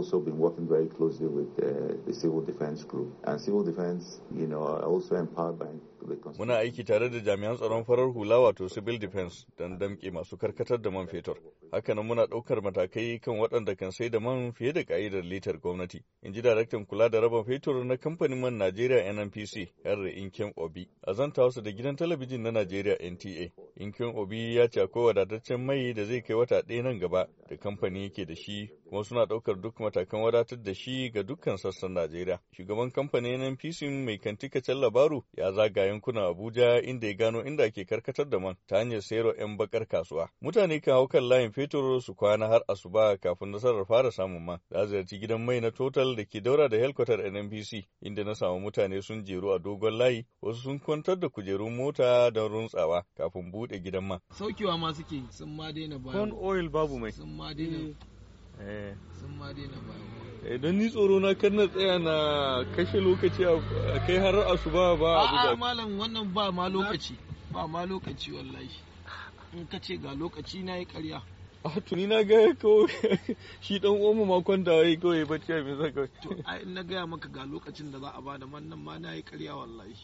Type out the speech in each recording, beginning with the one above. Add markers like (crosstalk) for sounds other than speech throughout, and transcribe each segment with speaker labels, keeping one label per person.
Speaker 1: also been working very closely with uh, the civil defense group. And civil defense, you know, are also empowered by
Speaker 2: Muna aiki tare da jami'an tsaron farar hula wato civil defense don damƙe masu karkatar da man fetur. Hakanan muna ɗaukar matakai kan waɗanda kan sai da man fiye da ƙa'idar litar gwamnati. In ji daraktan kula da rabon fetur na kamfanin man Najeriya NNPC, Yarra Inkem Obi, a zanta wasu da gidan talabijin na Najeriya NTA. in kin Obi ya ce akwai wadataccen mai da zai kai wata ɗaya nan gaba da kamfani yake da shi kuma suna ɗaukar duk matakan wadatar da shi ga dukkan sassan Najeriya. Shugaban kamfanin NPC mai kantika labaru ya zaga yankunan Abuja inda ya gano inda ake karkatar da man ta hanyar sayarwa 'yan bakar kasuwa. Mutane kan hau kan layin fetur su kwana har asuba kafin nasarar fara samun man. Na ziyarci gidan mai na Total da ke daura da helkwatar NNPC inda na samu mutane sun jeru a dogon layi wasu sun kwantar da kujerun mota don runtsawa kafin buɗe bude gidan ma.
Speaker 1: saukewa ma suke sun ma daina ba corn
Speaker 2: oil babu mai sun
Speaker 1: ma daina eh. sun ma daina ba
Speaker 2: eh, don ni tsoro na kan na tsaya na kashe lokaci a kai har asuba ba a
Speaker 1: malam wannan ba ma lokaci ba ma lokaci wallahi in ka ce ga lokaci na yi karya
Speaker 2: a ah, tuni na ga kawai (laughs) shi dan uwanmu makon da yayi kawai bacci abin sa kawai to ai
Speaker 1: na gaya maka ga lokacin da za a bada man nan ma na yi karya wallahi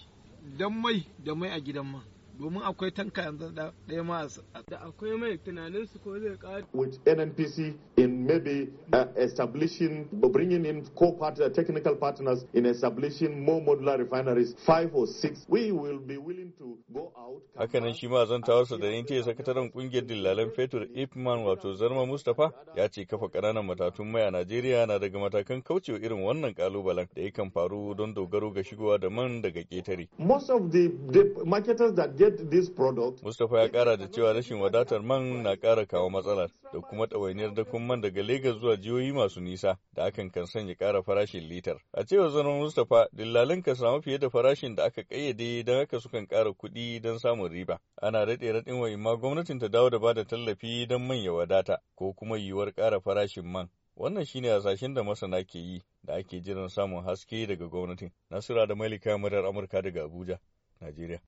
Speaker 1: dan mai da mai a gidan man domin akwai tanka yanzu ɗaya ma da akwai mai tunanin su ko zai ƙari.
Speaker 2: with nnpc in maybe uh, establishing bringing in co-part uh, technical partners in establishing more modular refineries five or six we will be willing to go out. hakanan shi ma zan wasu da yanke sakataren kungiyar dillalan fetur ipman wato zarma mustapha ya ce kafa kananan matatun mai a najeriya na daga matakan kaucewa irin wannan kalubalen da yakan faru don dogaro ga shigowa da man daga ketare.
Speaker 1: most of the, the marketers that get
Speaker 2: Mustapha ya kara da cewa rashin wadatar man na kara kawo matsalar da kuma ɗawainiyar dakon man daga Legas zuwa jihohi masu nisa da akan kan sanya kara farashin litar. A cewar zanen Mustapha, dillalin ka samu fiye da farashin da aka kayyade don haka sukan kara kuɗi don samun riba. Ana raɗe raɗin wa imma gwamnatin ta dawo da bada tallafi don man ya wadata ko kuma yiwuwar kara farashin man. Wannan shine hasashen da masana ke yi da ake jiran samun haske daga gwamnatin. Nasira da Malika Madar Amurka daga Abuja, Najeriya.